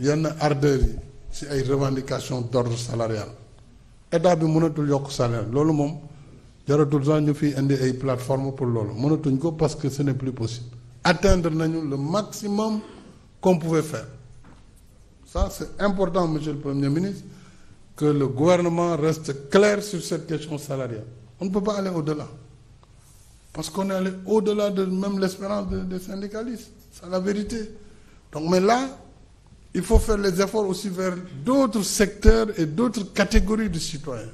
yenn ardeur yi ci ay revendications d'ordre salarial état bi mënatul yokk salaire loolu moom jaratul sax ñu fiy indi ay plateforme pour loolu mënatuñ ko parce que ce n'est plus possible atteindre nañu le maximum qu'on pouvait faire ça c'est important monsieur le premier ministre que le gouvernement reste clair sur cette question salariale on ne peut pas aller au-delà parce qu'on est allé au-delà de même l'espérance des syndicalistes c'est la vérité donc mais là il faut faire les efforts aussi vers d'autres secteurs et d'autres catégories de citoyens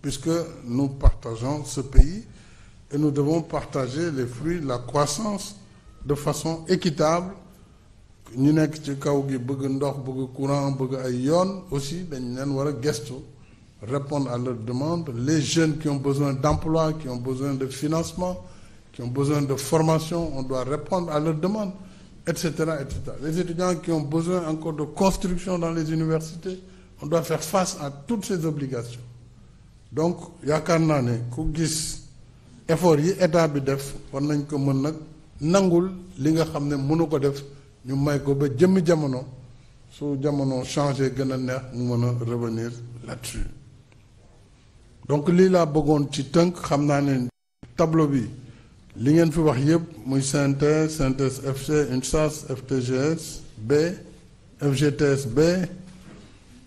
puisque nous partageons ce pays et nous devons partager les fruits de la croissance de façon équitable ñu nekk ci kaw gi bëgg ndox bëgg courant bëgg ay yoon aussi dañ leen war a gestu répondre à leurs demandes les jeunes qui ont besoin d'emploi qui ont besoin de financement qui ont besoin de formation on doit répondre à leurs demande et cetera, et cetera. Les étudiants qui ont besoin encore de construction dans les universités, on doit faire face à toutes ces obligations. donc yaakaar naa ne ku gis effort yi état bi def war nañ ko mën nag nangul li nga xam ne mënu ko def ñu may ko ba jëmmi jamono su jamono changé gën a neex mu mën revenir là donc lii laa bëggoon ci tënk xam naa ne tableau bi li ngeen fi wax yëpp muy CNTS CNTS FC UNSAS FTGS B FGTS B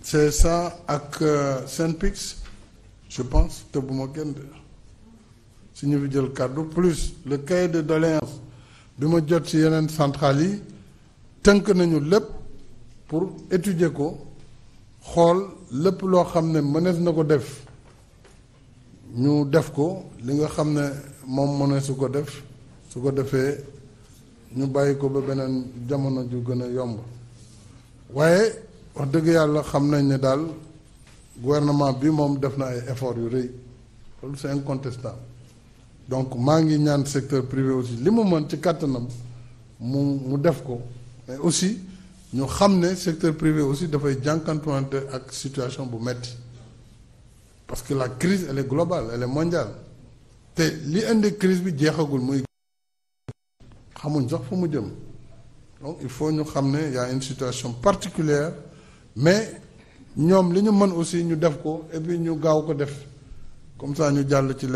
CSA ak euh, SYNPICS je pense te bu ma gën si ñu fi jël kàddu plus le cahier de doléance bi ma jot si yeneen centrales yi tënk nañu lépp pour étudier ko xool lépp loo xam ne mënees na ko def ñu def ko li nga xam ne moom mu ne su ko def su ko defee ñu bàyyi ko ba beneen jamono ju gën a yomb waaye wax dëgg yàlla xam nañ ne daal gouvernement bi moom def na ay effort yu rëy loolu c'est incontestable donc maa ngi ñaan secteur privé aussi li mu mën ci kàttanam mu mu def ko mais aussi ñu xam ne secteur privé aussi dafay jànkantuwante ak situation bu metti parce que la crise elle est globale elle mondiale te li indi crise bi jeexagul muy xamuñ sax fu mu jëm donc il faut ñu xam ne y une situation particulière mais ñoom li ñu mën aussi ñu def ko et ñu gaaw ko def comme ça ñu jàll ci